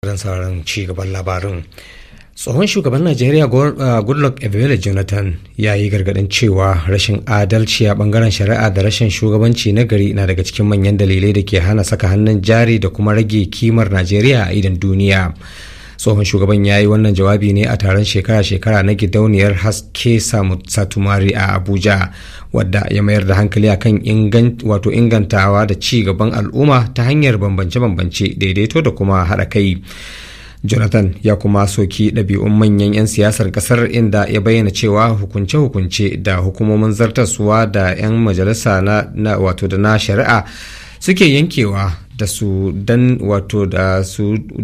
sauraron ci gaban labarin tsohon shugaban najeriya uh, goodluck ebele jonathan ya yi gargadin cewa rashin adalci a bangaren shari'a da rashin shugabanci na gari na daga cikin manyan dalilai da ke hana saka hannun jari da kuma rage kimar najeriya a idan duniya tsohon shugaban ya yi wannan jawabi ne a taron shekara-shekara na gidauniyar haske satumari a abuja wadda ya mayar da hankali akan wato ingantawa da ci gaban al'umma ta hanyar bambance-bambance daidaito da kuma haɗa kai jonathan ya kuma soki ɗabi'un manyan 'yan siyasar ƙasar inda ya bayyana cewa hukunce-hukunce da hukumomin zartaswa da 'yan majalisa na wato da na shari'a suke yankewa da su dan wato da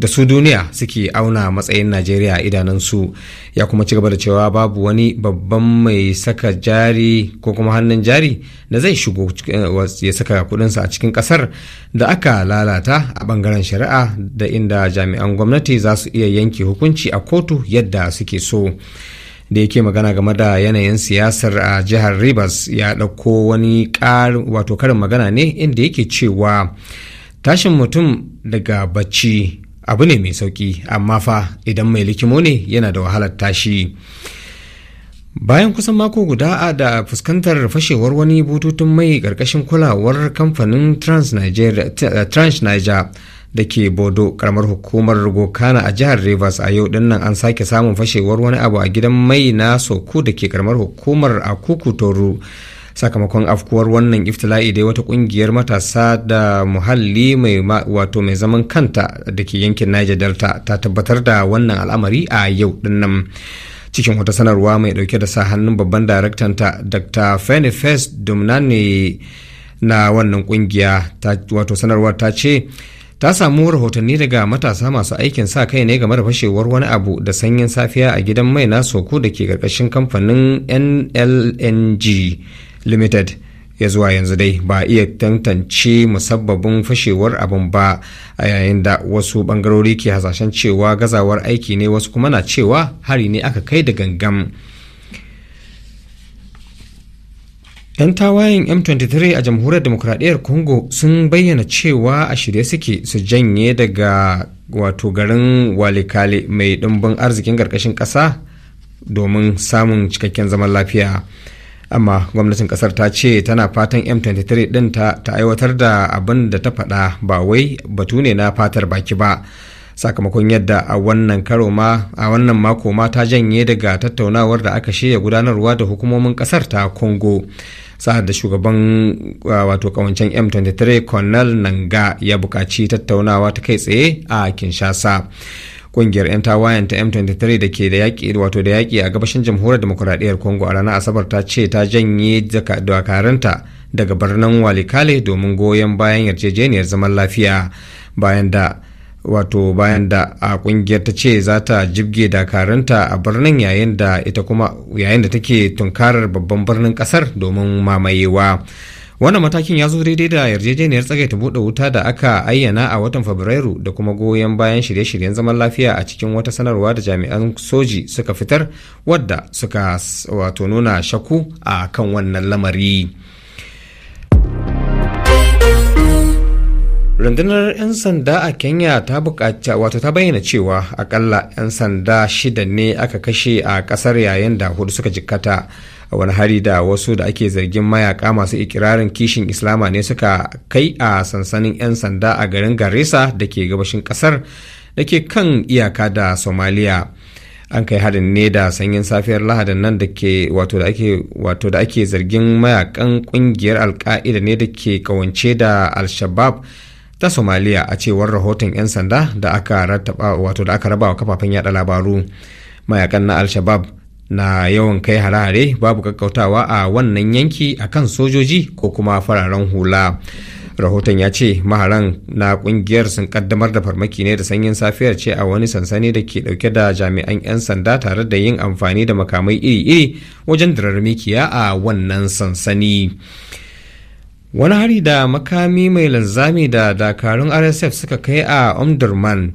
su duniya suke auna matsayin najeriya idanun su ya kuma ci gaba da cewa babu wani babban mai saka jari ko kuma hannun jari da zai shigo eh, ya saka kudinsa a cikin kasar da aka lalata a bangaren shari'a da inda jami'an gwamnati za su iya yanke hukunci a kotu yadda suke so da yake magana game da yanayin siyasar a jihar rivers ya ɗauko wani wato karin magana ne inda yake cewa tashin mutum daga bacci abu ne mai sauki amma fa idan mai likimo ne yana da wahalar tashi bayan kusan mako guda a da fuskantar fashewar wani bututun mai karkashin kulawar kamfanin trans niger da ke bodo karamar hukumar gokana a jihar rivers a yau dinnan an sake samun fashewar wani abu a gidan mai na soko da ke karamar hukumar a kuku toru sakamakon afkuwar wannan iftila'i dai wata kungiyar matasa da muhalli mai wato mai zaman kanta da ke yankin niger delta ta tabbatar da wannan al'amari a yau dinnan cikin wata sanarwa mai dauke da sa hannun babban daraktanta dr fenifest Dumnani na wannan kungiya wato sanarwar ta ce ta samu rahotanni daga matasa masu aikin sa kai ne game da fashewar wani abu da sanyin safiya a gidan mai na soko da ke karkashin kamfanin nlng limited ya zuwa yanzu dai ba iya tantance musabbabin fashewar abin ba a yayin da wasu bangarori ke hasashen cewa gazawar aiki ne wasu kuma na cewa hari ne aka kai da gangam. 'yan tawayen m23 a jamhuriyar demokradiyyar congo sun bayyana cewa a shirye suke su janye daga wato garin walikale mai ɗumbin arzikin ƙarƙashin ƙasa domin samun cikakken zaman lafiya amma gwamnatin kasar ta ce tana fatan m23 din ta aiwatar da abin da ta faɗa ba wai batu ne na fatar baki ba sakamakon yadda a wannan karo ma a wannan mako ma ta janye daga tattaunawar da aka shirya gudanarwa da hukumomin kasar ta congo sa'ad da shugaban wato kawancen m23 colonel nanga ya buƙaci tattaunawa ta kai tsaye a kinshasa kungiyar 'yan tawayen ta m23 da ke da yaƙi wato da yaƙi a gabashin jamhuriyar demokuraɗiyyar congo a ranar asabar ta ce ta janye dakaranta daga birnin walikale domin goyon bayan yarjejeniyar zaman lafiya bayan da wato bayan da a kungiyar ta ce za ta jibge dakaranta a birnin yayin da ita kuma yayin da take tunkarar babban birnin kasar domin mamayewa wannan matakin ya zo daidai da yarjejeniyar tsagaita buɗe wuta da aka ayyana a watan fabrairu da kuma goyon bayan shirye-shiryen zaman lafiya a cikin wata sanarwa da jami'an soji suka fitar wadda suka wato nuna shaku a kan wannan lamari rundunar 'yan sanda a kenya ta bukaci wato ta bayyana cewa akalla 'yan sanda shida ne aka kashe a kasar yayin da hudu suka jikkata wani hari da wasu da ake zargin mayaka masu ikirarin kishin islama ne suka kai a sansanin 'yan sanda a garin garissa da ke gabashin kasar da ke kan iyaka da somaliya an kai harin ne da sanyin safiyar lahadin nan da ke wato da ake zargin mayakan kungiyar alka'ida ne da ke kawance da al-shabab ta somaliya a cewar rahoton 'yan sanda da aka raba wa kafafen yada labaru mayakan na al-shabab na yawan kai harare babu kakkautawa a wannan yanki akan sojoji ko kuma fararen hula rahoton ya ce maharan na kungiyar sun kaddamar da farmaki ne da sanyin safiyar ce a wani sansani da ke dauke da jami'an 'yan sanda tare da yin amfani da makamai iri-iri wajen dirar mikiya a wannan sansani wani hari da makami mai linzami da dakarun rsf suka kai a omdurman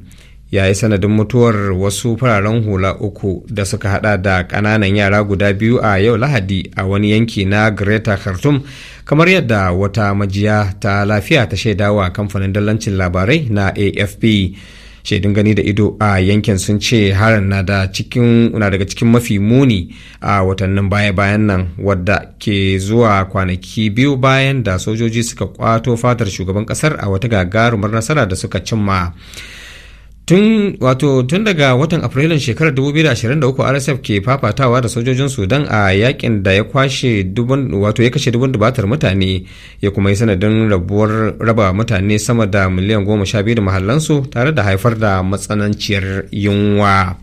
ya yi sanadin mutuwar wasu fararen hula uku da suka hada da kananan yara guda biyu a yau lahadi a wani yanki na greta khartoum kamar yadda wata majiya ta lafiya ta shaidawa kamfanin dallancin labarai na afp shaidun gani da ido a yankin sun ce harin na daga cikin mafi muni a watannin baya-bayan nan wadda ke zuwa kwanaki biyu bayan da sojoji suka kwato fatar shugaban kasar a wata gagarumar nasara da suka cimma. tun wato tun daga watan afrilun shekarar 2023 rsf ke fafatawa da sojojin sudan a yakin da ya kwashe dubun wato ya kashe dubun dubatar mutane ya kuma yi sanadin rabuwar raba mutane sama da miliyan goma sha da mahallansu tare da haifar da matsananciyar yunwa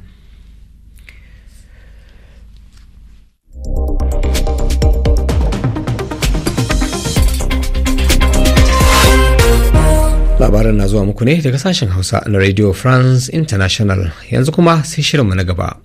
labaran na zuwa muku ne daga sashen hausa na radio france international yanzu kuma sai shirinmu na gaba